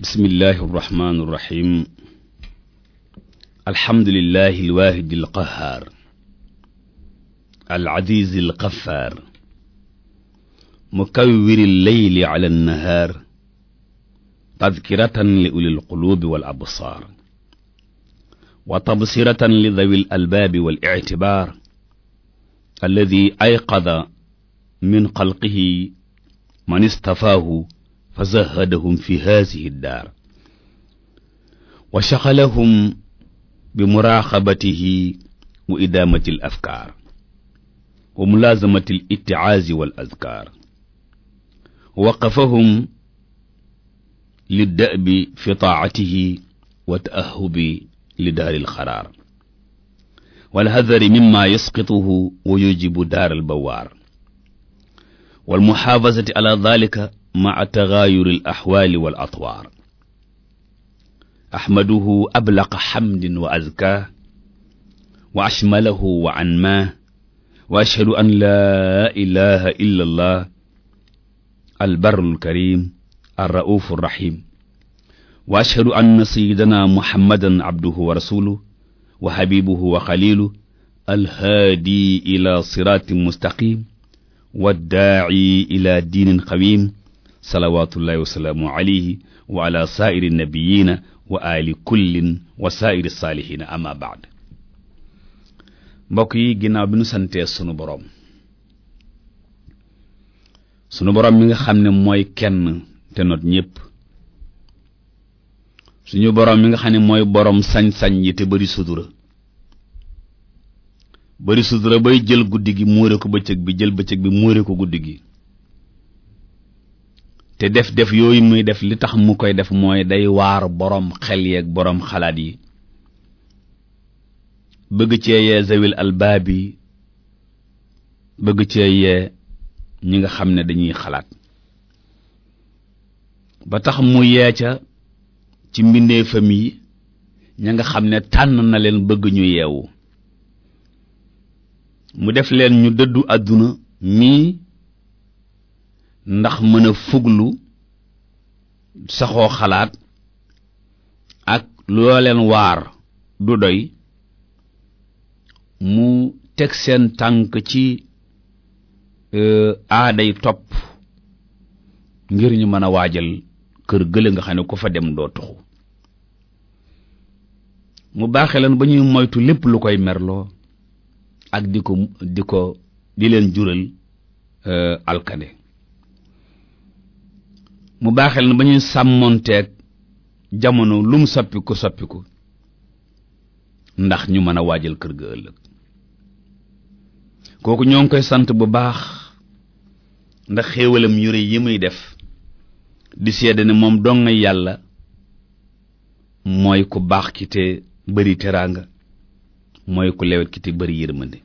bismillahi irrahmani irrahim alhamdulilahi alwaahidi alqahaar alcasiizi alqafaar mukawwiri lleyli ala annahaar tadkiratan li uli alquluubi wal absaar wa tabsiratan li dawi alalbaabi wal ictibaar alladi ayqada min xalqihi man istafaahu fa zahadahum fi haasihi daar wa shaxalahum bi muraaxabatihi wa idaamati al afkaar wa mulaazamati al ittiaazi wal azkaar waqafahum li da'bi fi taa'atihi wa ta'ahubi li daaril xaraar wal hadari mimma yasqituhu wa yujibu daaral bawaar wal muhaafazati ala daalika maa tagaayuri al axwaali wal atwaar axmaduhu ablaqa xamdin wa azkaa wa ashmalahu wa anmaa wa ashhadu an laa ilaha illa allah albarrul karim arraufu rrahim wa ashhadu anna sayyidana muhammadan abduhu wa rasuluhu wa habibuhu wa xaliluhu alhaadi ila siraatin mustaqim waddaaci ila diinin qawim salawaatullahi wasalaamu alayhi wa ala saairi nabiyiina wa ali kullin wa saairi saalihiina amma baad mbokk yi ginnaaw bi nu santee sunu boroom sunu boroom mi nga xam ne mooy kenn te not ñépp suñu boroom mi nga xam ne mooy boroom sañ-sañ yi te bari sutura bari sutura bay jël guddi gi muure ko bëccëg bi jël bëccëg bi muure ko guddi gi te def def yooyu muy def li tax mu koy def mooy day waar boroom xel yeeg boroom xalaat yi bëgg cee yee zawil albaab yi bëgg cee yee ñi nga xam ne dañuy xalaat ba tax mu yee ca ci mbindeefam yi ña nga xam ne tànn na leen bëgg ñu yeewu mu def leen ñu dëddu àdduna mii ndax mën a fuglu saxoo xalaat ak loo waar du doy mu teg seen tànk ci euh, aaday topp ngir ñu mën a waajal kër gële nga xam ne ku fa dem doo tuxu mu baaxee leen ba ñuy moytu lépp lu koy merloo ak di ko di ko di leen jural euh, alkande mu baaxel na ba ñuy sàmmonteeg jamono lum soppiku soppiku ndax ñu mën a waajal kër ga ëllëg kooku ñoo ngi koy sant bu baax ndax xéewalam yu rëy yi muy def di sedd ne moom dong nga yàlla mooy ku baax ki te bëri teraanga mooy ku lewet ki te bëri yërmande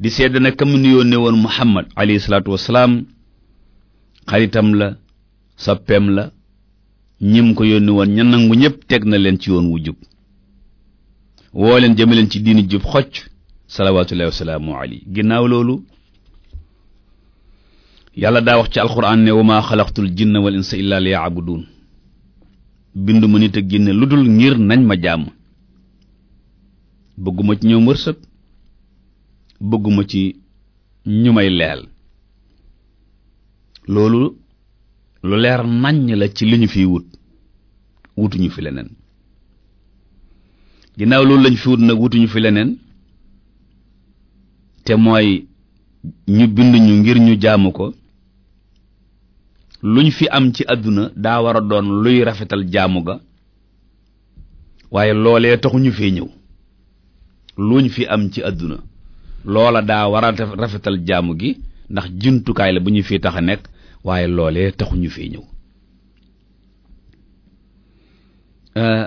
di sedd ne kam nu yónnee woon Muhammad alayhi salaatu wassalaam xaritam la sa pem la ñim ko yónni woon ña nangu ñëpp teg na leen ci yoon wu jub woo leen jëme leen ci diini jub xocc salawaatullahi wasalaamu ali ginnaaw loolu yàlla daa wax ci alquran ne wa maa xalaqtul jinna wal insa illa liya'budun bindu ma nit ak jinne lu dul ngir nañ ma jàmm bëgguma ci ñoom wërsëg bëgguma ci ñu may leel loolu lu leer naññ la ci li ñu fiy wut wutuñu fi leneen ginnaaw loolu lañ fi wut nag wutuñu fi leneen te mooy ñu bind ñu ngir ñu jaamu ko luñ fi am ci àdduna daa war a doon luy rafetal jaamu ga waaye loolee taxuñu fee ñëw luñ fi am ci àdduna loola daa war a rafetal jaamu gi ndax jumtukaay la bu ñu fi tax a nekk waaye loolee taxuñu fee ñëw euh,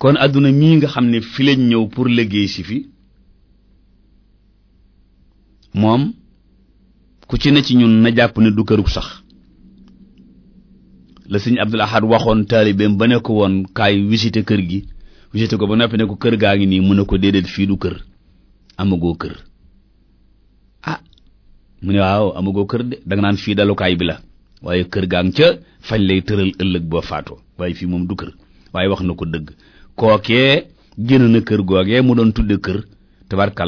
kon àdduna mii nga xam ne fi lañ ñëw pour liggéey si fi moom ku ci ne ci ñun na jàpp ne du kërug sax la sëñ Abdul Ahad waxoon taalibeem ba ne ko woon kaay visité kër gi visité ko ba noppi ne ko kër gaa ngi nii mu ne ko déedéet fii du kër amagoo kër mu ne waaw amagoo kër de naan fii dalukaay bi la waaye kër gaa nga ca fañ lay tëral ëllëg boo faatoo waaye fii moom du kër waaye wax na ko dëgg kookee génn na kër googee mu doon tudde kër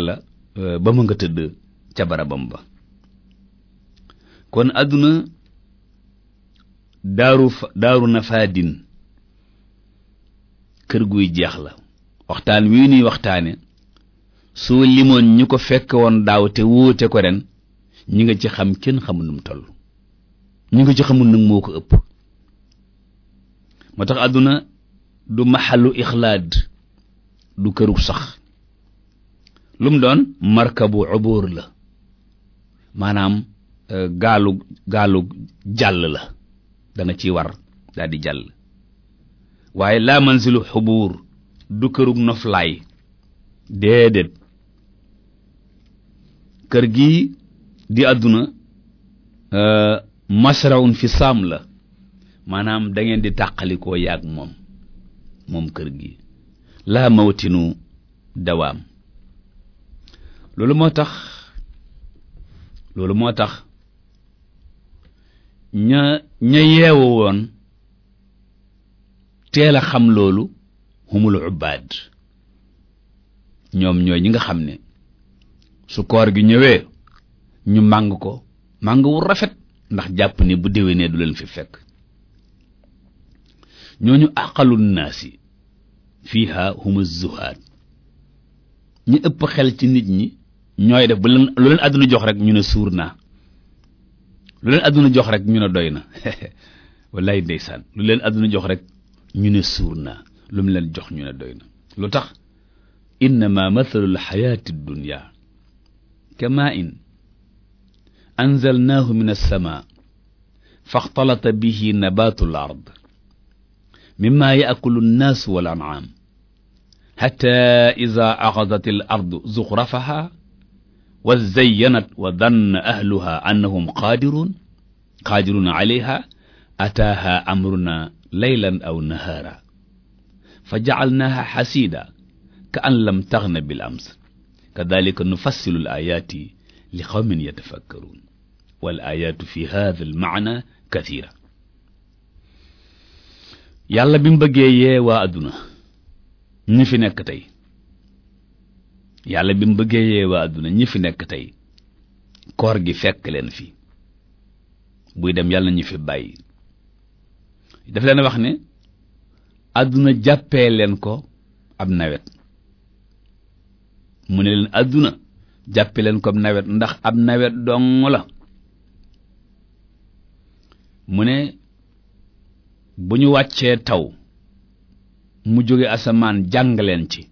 la euh, ba mu nga tëdd ca barabam ba kon àdduna daaru daaru nafaadin kër guy jeex la waxtaan wi nuy waxtaane soo limoon ñu ko fekk woon daaw te wóote ko ren ñu nga ci xam kenn xamul nu mu toll ñi nga ci xamul nag moo ko ëpp moo tax àdduna du maxalu ixlaad du këru sax lum doon markabu ubur la maanaam euh, gaalu gaalu jàll la danga ciy war daal jàll waaye laa manzilu xubuur du kërug noflaay déedéet kër gi di àdduna euh, masraun fi saam la maanaam dangeen ngeen di tàqalikoo yaag moom moom kër gi laa mawtinu dawaam loolu moo tax loolu moo tax ña ña yeewu woon teel a xam loolu humul ubbaad ñoom ñooy ñi nga xam ne su koor gi ñëwee ñu màng ko màng wu rafet ndax jàpp ni bu déwénee du leen fi fekk ñooñu aqalul naasi fiiha huma zuhaad ñu ëpp xel ci nit ñi ñooy def bu leen àdduna jox rek ñu ne suur naa lu leen àdduna jox rek ñu ne doy na wallaay ndeysaan lu leen àdduna jox rek ñu ne suur naa lu mu leen jox ñu ne doy na lu tax innama mathalul xayaati dunya kamaa in anzalnaahu min alsama faxtalata bihi nabaatu l ard mimma yaakulu nnaasu wal an'aam xatta ida axadat al ardu zuxrafaha wa zayyanat wa danna ahluha annahum qaadiruun qaadiruuna alayha ataaha amruna laylan aw nahaara fa jacalnaaha xasiida ka an lam taxna bil ams kadalika nufassilu l ayaati li qawmin yatafakkaruun والآيات في هذا yàlla bi mu bëggee waa adduna ñi fi nekk tey yàlla bi mu bëggee yee waa adduna ñi fi nekk tey koor gi fekk leen fi buy dem yàlla ñu fi bàyyi daf leen wax ni adduna jàppee leen ko ab nawet mu ne leen adduna jàppee leen ko ab nawet ndax ab nawet dong la mu ne bu ñu wàccee taw mu jóge asamaan jàng leen ci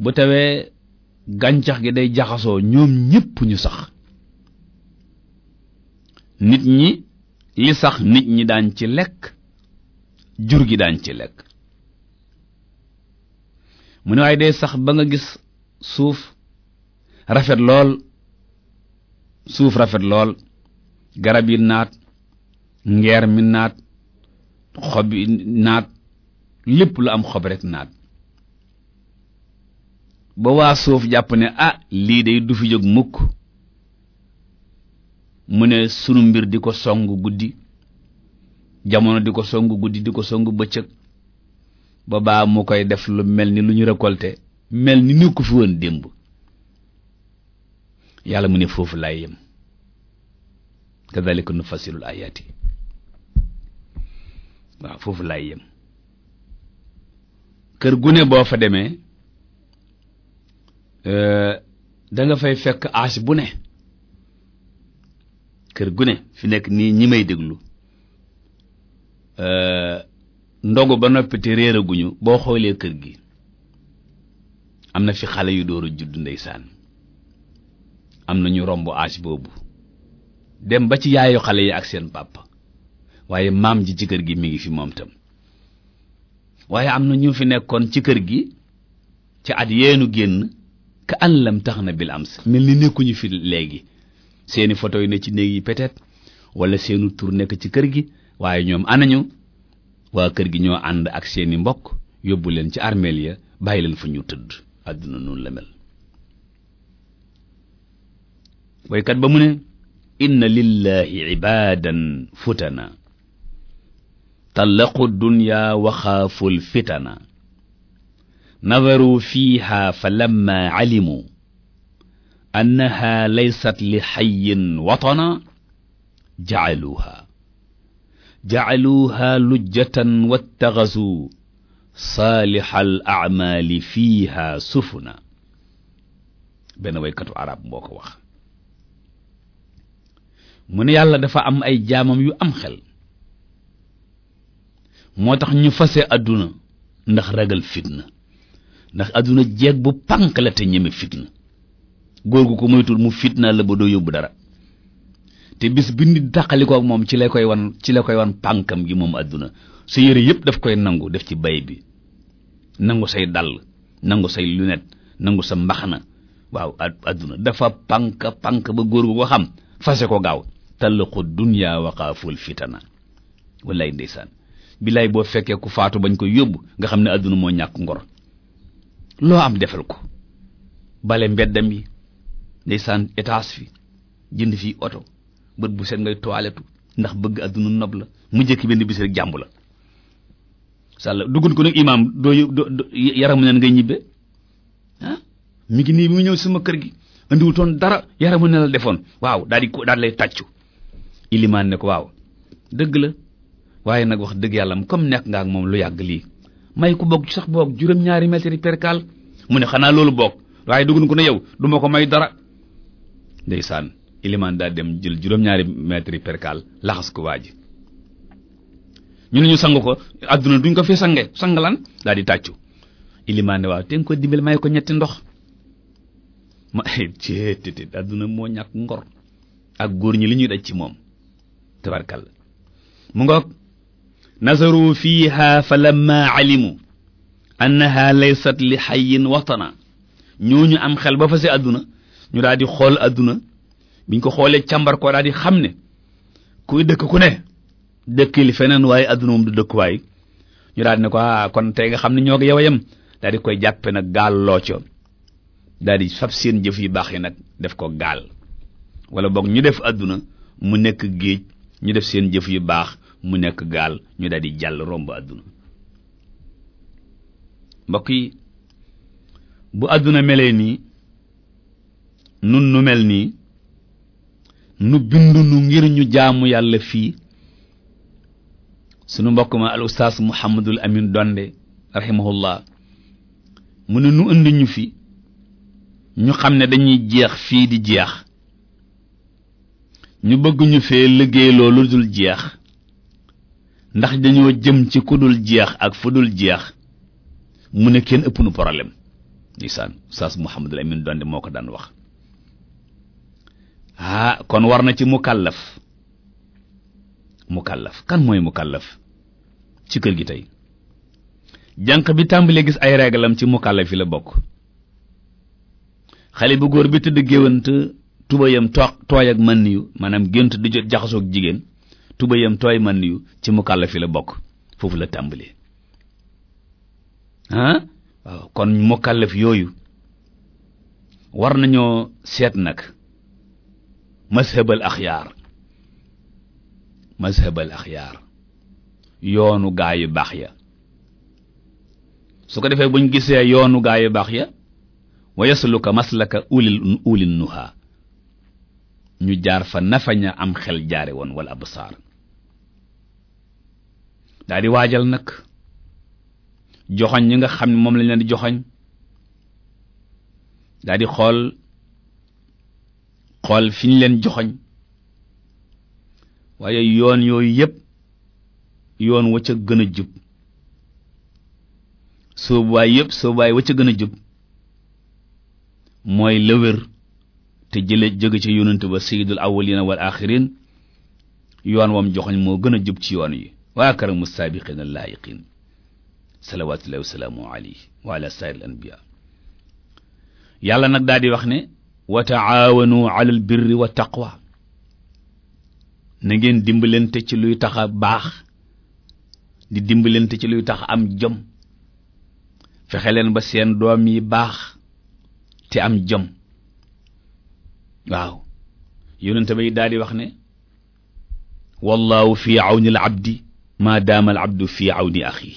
bu tawee gàncax gi day jaxasoo ñoom ñépp ñu sax nit ñi li sax nit ñi daan ci lekk jur gi daan ci lekk mu ne waaye day sax ba nga gis suuf rafet lool suuf rafet lool garab yi naat ngeer mi naat xob yi naat lépp lu am xob rek naat ba waa suuf jàpp ne ah lii day du fi jóg mukk mu ne sunu mbir di ko song guddi jamono di ko song guddi di ko song bëccëg ba baa mu koy def lu mel ni lu ñu récolté mel ni ni ko fi woon démb yàlla mu ne foofu laay yem kadhalika nufasilul ayaati waaw foofu laay yem kër gu ne boo fa demee euh, da nga fay fekk âge bu ne kër gu ne fi nekk nii ñi may déglu euh, ndogu ba noppi réeraguñu boo xoolee kër gi am na fi xale yu door a judd ndeysaan am na ñu romb âge boobu dem ba ci yaayu xale yi ak seen pàpp waaye maam ji ci kër gi mi ngi fi moom tam waaye am na ñu fi nekkoon ci kër gi ci at yeenu génn ka àllam tax na bil ams mel ni nekkuñu fi léegi seeni photo yi ne ci néeg yi peut-être wala seenu tur nekk ci kër gi waaye ñoom anañu waa kër gi ñoo ànd ak seeni mbokk yóbbu leen ci armeel ya bàyyi leen fu ñu tëdd àdduna noonu la mel inna lillahi ibaadan futana talaqu dunya wa xaafu lfitana nadaruu fiiha fa lamma calimu annaha laysat li xayin watana jacaluuha jacaluuha lujjatan wattaxasuu saalixa al acmaali fiiha sufuna benn waykatu arab mboo ko wax mu ne yàlla dafa am ay jaamam yu am xel moo tax ñu fase àdduna ndax ragal fitna ndax àdduna jeeg bu pànk la te ñeme fitna góor gu ko moytul mu fitna la ba doo yóbbu dara te bis bi nit dàqali moom ci la koy wan ci la koy wan pànkam gi moom àdduna sa yére yëpp daf koy nangu def ci bay bi nangu say dàll nangu say lunette nangu sa mbaxana waaw àdduna dafa pànk pànk ba góor gu ko xam fase ko gaaw talluqu dunya waqaaful fitana wallaay ndeysaan billaay boo fekkee ku faatu bañ ko yóbbu nga xam ne àdduna moo ñàkk ngor loo am defal ko bale mbeddam yi ndeysaan étage fi jënd fii oto bët bu set ngay toiletu ndax bëgg àdduna nob la mu njëkk benn bis rek jàmbu la sàll duggun ko nag imaam doo yaramu neen ngay ñibbe ah ngi nii mu ñëw sama kër gi andiwutoon dara yaramu ne la defoon waaw daal di ko daal lay tàccu ilimaan ne ko waaw dëgg la waaye nag wax dëgg yàlla comme nekk nga ak moom lu yàgg lii may ku bokk sax boog juróom-ñaari mètre percal mu ne xanaa loolu bokk waaye dugg ko ne yow duma ko may dara ndeysaan ilimaan daa dem jël juróom-ñaari mètre percal laxas ko waa ji ñu ne ñu sang ko àdduna duñ ko fi sange sang lan daal di tàccu ilimaan ne waaw te nga ko dimbal may ko ñetti ndox ma ay adduna moo ñàkk ngor ak góor ñi li ñuy ci moom tabarkal mu ngoog nazaru fiiha fa lamma alimu annaha laysat li xayin watana ñu am xel ba fa si àdduna ñu daal di xool àdduna biñ ko xoolee càmbar ko di xam ne kuy dëkk ku ne dëkk li feneen waaye àdduna moom du dëkkuwaay ñu daal di ne ko ah kon tey nga xam ne ñoo ko yow yam yem daal di koy jàppe nag gaal loo co daal di fab seen jëf yu baax yi nag def ko gaal wala boog ñu def àdduna mu nekk géej ñu def seen jëf yu baax mu nekk gaal ñu daldi jàll romb àdduna mbokk yi bu àdduna melee nii nun nu mel nii nu bind nu ngir ñu jaamu yàlla fii sunu mbokk ma al ustaas muhammadul amin donde rahimahullah mu ne nu indi ñu fi ñu xam ne dañuy jeex fii di jeex ñu bëgg ñu fee liggéey loolu dul jeex ndax dañoo jëm ci ku dul jeex ak fu dul jeex mu ne kenn ëpp nu problème ndeysaan saas Muhammadul Amin doon di moo ko daan wax ah kon war na ci mukallaf mukallaf kan mooy mukallaf ci kër gi tey janq bi tàmbalee gis ay regalam ci mukallaf yi la bokk xale bu góor bi tëdd géwant tubayam too tooy ak man niyu maanaam gént du jot jaxasoog jigéen tubayam tooy man niyu ci mu kàlla fi la bokk foofu la tàmbali ah kon mukallaf yooyu war nañoo seet nag mazhabal axyaar mazhabal axyaar yoonu gaa yu baax ya su ko defee buñ gisee yoonu gaa yu baax ya wa yasluka maslaka ulil ulil nuha ñu jaar fa nafaña am xel jaare woon wala absaar daa di waajal nag joxoñ ñi nga xam ne moom lañ leen di joxoñ daa di xool xool fi ñu leen joxoñ waaye yoon yooyu yépp yoon wa ca gën a jub soobuwaay yépp soobuwaay wa ca gën a jub mooy lëwër te jële jóge ci yonent ba sayyidul awwalina wal axirin yoon woom joxoñ moo gën a jub ci yoon yi wa akramu saabiqina laayiqin salawatullahi wasalaamu alayhi wa ala sairil yàlla nag daal wax ne wa taawanu ala al birri wa taqwa na ngeen dimbalante ci luy tax a baax di dimbalante ci luy tax am jëm fexe leen ba seen doom yi baax te am jëm waaw yonente ba daal wax ne wallahu fi awni al abdi ma daama al di fi awni axi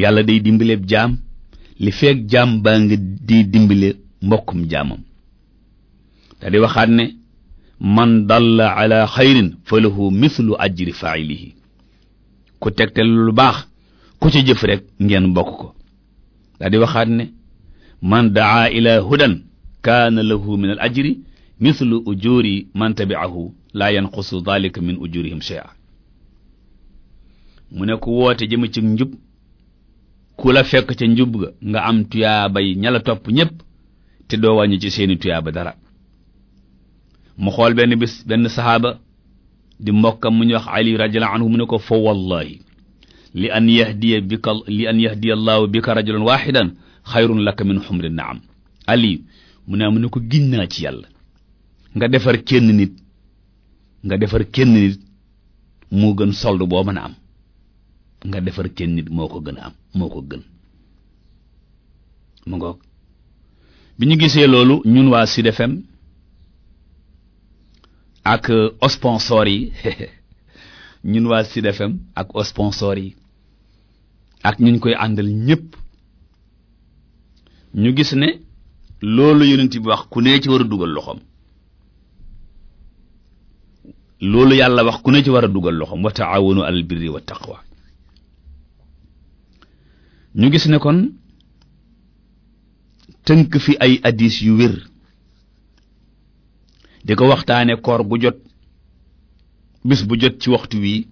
yàlla day dimbileeb jaam li feeg jaam baa ngi di dimbile mbokkum jaamam daal di waxaat ne man dalla ala xayrin fa lahu mithlu ajri failihi ku tegtel lu baax ku ci jëf rek ngeen bokk ko daal waxaat ne man daa ila hudan kaana lahu min al ajri mithlu ujuri man tabi'ahu laa yanqusu dhalika min ujurihim shay'a mu ne ko woote jëm ci njub ku la fekk ci njub nga am tuyaaba yi ña topp ñépp te doo wàññi ci seeni tuyaaba dara mu xool benn bis benn saxaaba di mbokkam mu ñuy wax ali radiyallahu anhu mu ne ko fa wallahi li an yahdiya bika li an yahdiya allahu bika rajulan wahidan xayrun laka min humri naam ali mu ne mu ne ko giñ naa ci yàlla nga defar kenn nit nga defar kenn nit moo gën sold boo mën a am nga defar kenn nit moo ko gën a am moo ko gën mu ngoog bi ñu gisee loolu ñun waa Sud FM ak euh, sponsor yi ñun waa Sud FM ak sponsor yi ak ñu koy àndal ñépp ñu gis ne loolu yonent bi wax ku ne ci war a dugal loxoom loolu yàlla wax ku ne ci war a dugal loxoom wa taawanu alal birri wa taqwa ñu gis ne kon tënk fi ay addis yu wér di ko waxtaane koor bu jot bis bu jot ci waxtu wii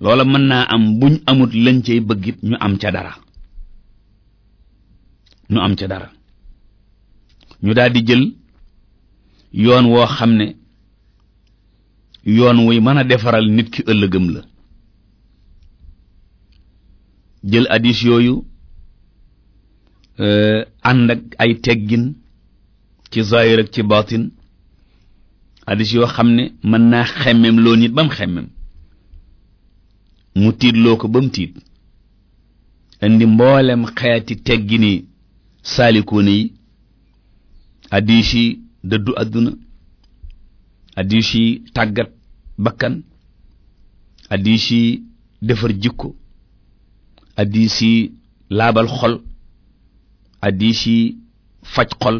loola mën naa am buñ amut lañ cay bëggit ñu am ca dara ñu am ca dara ñu daal jël yoon woo xam ne yoon wuy mën a defaral nit ki ëllëgam la jël addis yooyu euh, ànd ak ay teggin ci zahir ak ci baatin addis yoo xam ne mën naa xemmem loo nit ba mu xemmem mu tiit loo ko ba mu tiit indi mboolem xeeti teggini saalikoone yi addis yi dëddu àdduna addis tàggat bakkan addis yi defar jikko addis yi laabal xol addis yi faj xol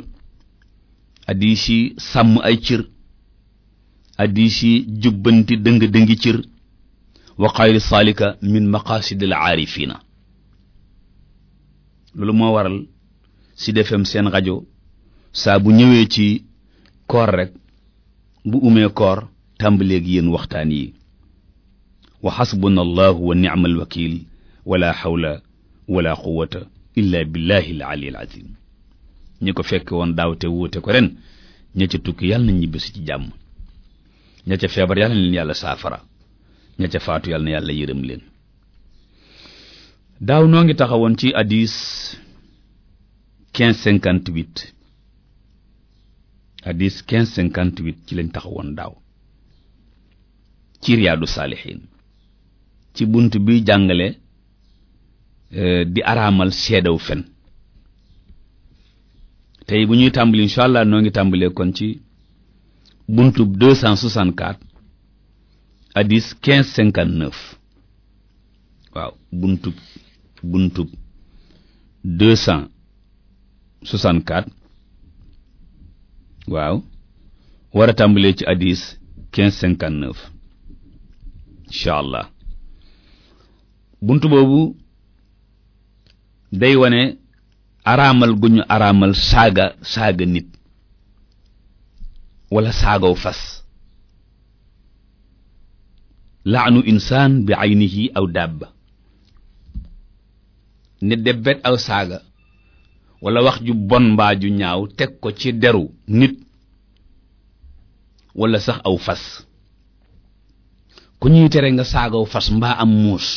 addis sàmm ay cir addis yi jubbanti dëng-dëngi cër wa xayri saalika min maqaasidil aarifina loolu moo waral Sud FM seen rajo saa bu ñëwee ci koor rekk bu umee koor tàmbaleeg yéen waxtaan yi wa xasbuna allahu wa ni'mal wakiil wala xawla wala quwata illa billahi al ali al azim ñi ko fekk woon daaw te wuute ko ren ña tukki yàlla nañ ñibbisi ci jàmm ña feebar yàlla leen yàlla saafara ña ca faatu yàlla na yàlla yërëm leen ngi taxawoon ci hadis quinze hadis 1558 ci lañ taxawoon daaw ci riyaadu saalixiin ci bunt bi jàngale euh, di araamal seedaw fen tey bu ñuy tàmbali incha allah noo ngi tàmbalee kon ci buntu 264 hadis 1559 waaw buntub buntub 264 waaw war a tàmbalee ci hadis quinze cinquante neuf incha allah bunt boobu day wane araamal gu ñu araamal saaga saaga nit wala saagaw fas laanu insaan bi aynihi aw dàbba ne debet aw saaga wala wax ju bon mbaa ju ñaaw teg ko ci deru nit wala sax aw fas ku ñuy tere nga saagaw fas mbaa am muus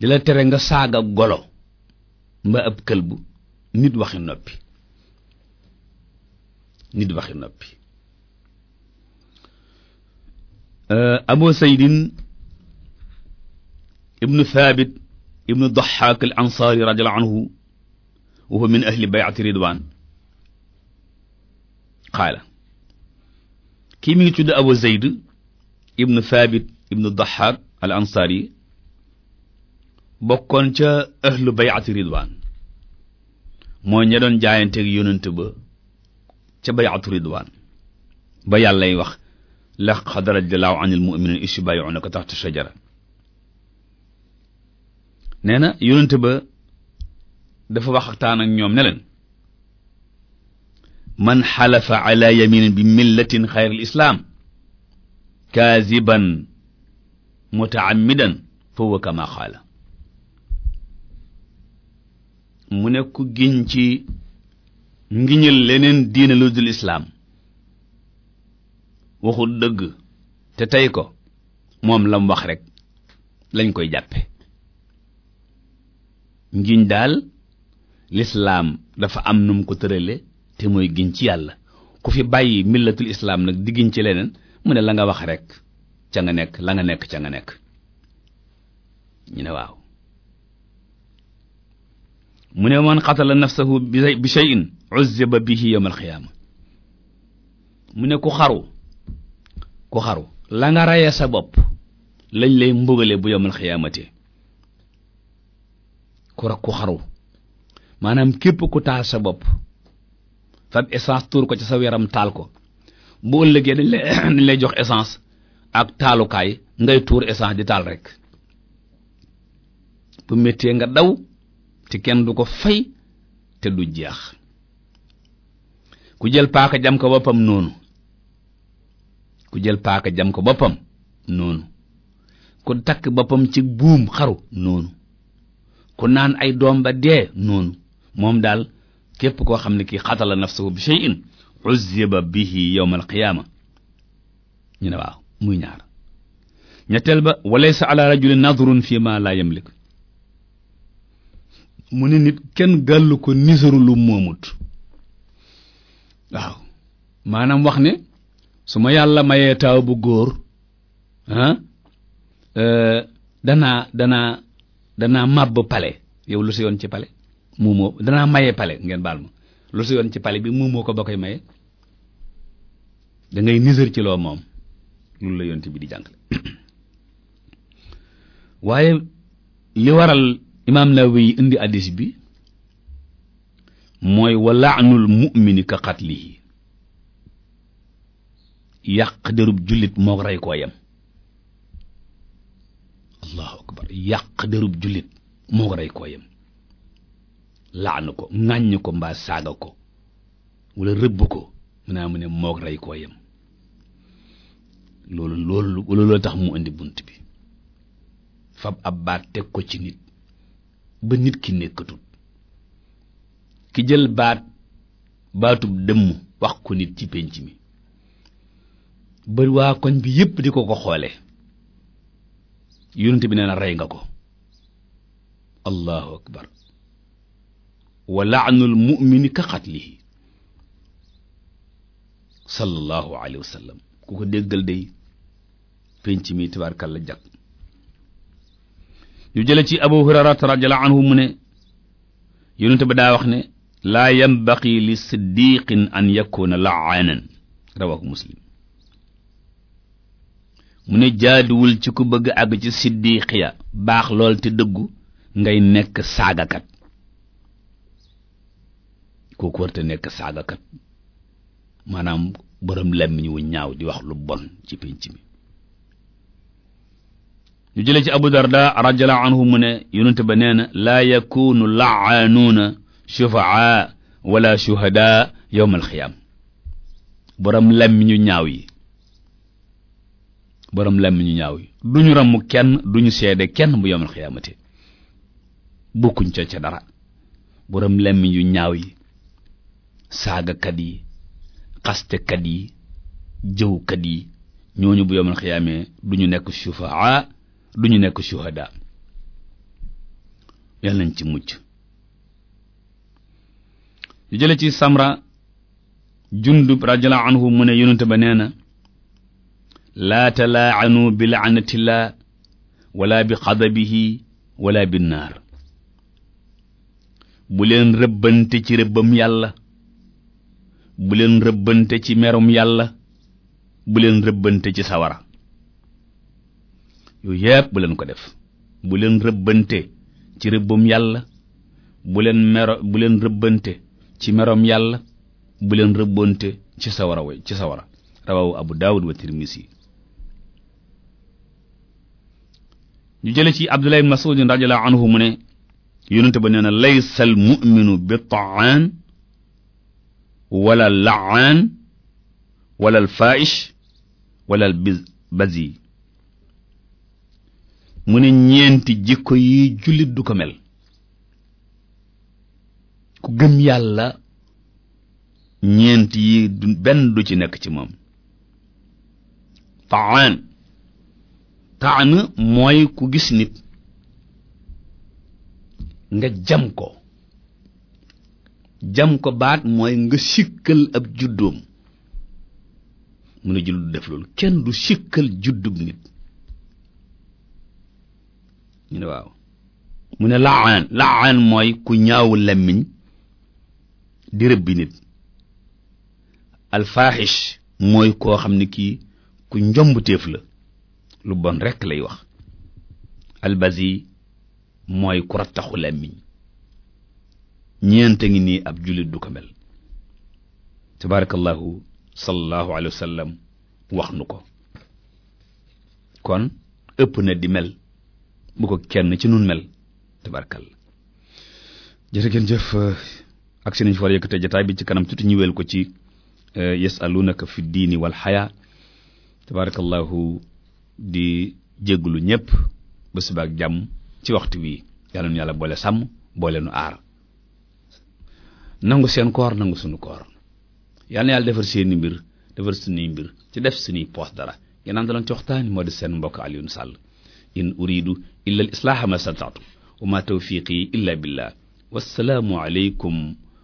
di la tere nga saaga golo mbaa ab këlbu nit waxi noppi nit waxi noppi euh, abu saydin ibnu thabit ibnu daxaak al ansaari radiallahu anhu wa huwa min ahli bay'ati ridwaan qaala kii mi ngi tudd Abu Zayd ibnu Thabit ibnu Dahhaak al ansaari bokkoon ca ahlu bay'ati ridwaan mooy ña doon jaayanteeg yonent ba ca bay'atu ridwaan ba yàllay wax laqad radiyallahu anil mu'minina iz yubaayi'uunaka tahta shajara nee na yonent ba dafa waxtaan ak ñoom ne man xalafa ala yaminin bi millatin xayr al islaam kaziban mutaamidan fa huwa kama mu ne ku giñ ci ngiñal leneen diina lu dul islaam waxul dëgg te tey ko moom lam wax rek lañ koy jàppe ngiñ daal lislaam dafa am nu mu ko tërale te mooy giñ ci yàlla ku fi bàyyi millatul islaam nag di giñ ci leneen mu ne la nga wax rek ca nga nekk la nga nekk ca nga nekk ñu ne waaw mu ne man qatala nafsahu bi shay'in uzziba bihi yawmal qiyaama mu ne ku xaru ku xaru la nga rayee sa bopp lañ lay mbugale bu yawmal qiyaamati ku rak ku xaru maanaam képp ku taal sa bopp fab essence tuur ko ci sa yaram taal ko bu ëllëgee dañ lay jox essence ak taalukaay ngay tuur essence di taal rek bu méttee nga daw te kenn du ko fay te du jeex ku jël paaka jam ko boppam noonu ku jël paaka jam ko boppam noonu ku takk boppam ci buum xaru noonu ku naan ay doom ba dee noonu moom daal képp koo xam ne kii xatala nafsuhu bi shay'in uzziba bihi yawmal qiyaama ñu ne waaw muy ñaar ñetteel ba walaysa ala rajulin nadrun fi ma laa yamlik mu ne nit kenn gàllu ko nisaru lu moomut waaw maanaam wax ne su ma yàlla mayee taaw bu góor ah, euh, danaa danaa danaa màbb pale yow lu si yoon ci pale muumoo danaa maye pale ngeen baal ma lu si yoon ci pale bi muumoo ko ba koy maye da ngay ci loo moom loolu la yonte bi di jàngale waaye li waral imaam Nawawi indi hadis bi mooy wa laanul mu'mini ka qatlihi yàq dërub jullit moo rey koo yem allahu akbar yàq dërub jullit moo rey koo yem laanu ko ŋàññ ko mbaa saaga ko wala rëbb ko mu naa ah, mu ne moog rey koo yem loolu loolu loolu tax mu indi bunt bi fab ab baat teg ko ci nit ba nit ki nekkatut ki jël baat baatub dëmm wax ko nit ci pénc mi ba waa koñ bi yépp di ko ko xoole yonent bi nee na rey nga ko allahu akbar wa laanul mumini ka xatlihi sallallahu alayhi ku ko déggal day penc mi ci abu hurairata radiallahu mu ne yonente ba daa wax ne laa yambaqi li siddiqin an yakuna laanan rawahu muslim mu ne jaaduwul ci ku bëgg àgg ci siddiqiya baax lool te dëggu ngay nekk saagakat kooku warta nekk saagakat maanaam borom làmmiñ wu ñaaw di wax lu bon ci pénc mi ñu jëlee ci abu darda radiyallahu mu ne yonente ba nee na laa yakunu la'anuuna shufaa wala shuhada yawmal xiyaam borom làmmiñu ñaaw yi borom làmmiñu ñaaw yi duñu ramm kenn duñu seede kenn bu yawmal xiyaamati bokkuñ ca ca dara borom làmmiñu ñaaw yi saagakat yi xastekat yi jëwkat yi ñooñu bu yomal xiyaamee du ñu nekk sufaa du ñu nekk suhadaa yàlla nañ ci mucc yu jële ci samra jundub radiyallahu anhu mu ne yonente ba nee na laa talaanu bi laanatillah wala bi xadabihi wala bi naar bu leen rëbbante ci rëbbam yàlla bu leen rëbbante ci merum yàlla bu leen rëbbante ci sawara yooyu yépp bu leen ko def bu rëbbante ci rëbbum yàlla bu leen rëbbante ci merom yàlla bu leen rëbbante ci sawara way ci sawara rawawu abu daawud wa tirmisi ñu jële ci abdullah ibn mas'ud anhu mu ne yonente ba nee na laysa mu'minu bi ta'an wala laan wala al faish wala al bazi mu ne ñeenti jikko yi jullit du ko mel ku gëm yàlla ñeent yi du benn du ci nekk ci moom taan taan mooy ku gis nit nga jam ko jam ko baat mooy nga sikkal ab juddoom mu ne jullit du def loolu kenn du sikkal juddub nit ñu ne waaw mu ne laan laan mooy ku ñaawu lammiñ di rëbbi nit alfaaxish mooy koo xam ne kii ku njombuteef la lu bon rekk lay wax albazi mooy ku rattaxu lammiñ ñeent a ngi nii ab jullit du ko mel tabarakallahu sallallahu alayhi wa wax nu ko kon ëpp na di mel bu ko kenn ci nun mel tabarakallah jërë ngeen jëf ak si nañ fa war a yëkkatee jotaay bi ci kanam tuuti ñu wel ko ci eh, yasalunaka fi diini wal xayaa tabarakallahu di jégglu ñépp ba subaak jàmm ci waxtu wi yàlla nu yàlla boole sàmm boole nu aar nangu seen koor nangu suñu koor yal yàlla defar seen mbir defar suñuy mbir ci def suñuy poos dara yéen a ci waxtaani moo di seen mbokk Alioune Sall in uridu illa al islaaha ma stata'tu wa ma tawfiqi illa billah wassalaamu aleykum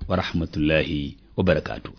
wa rahmatullahi wa barakaatu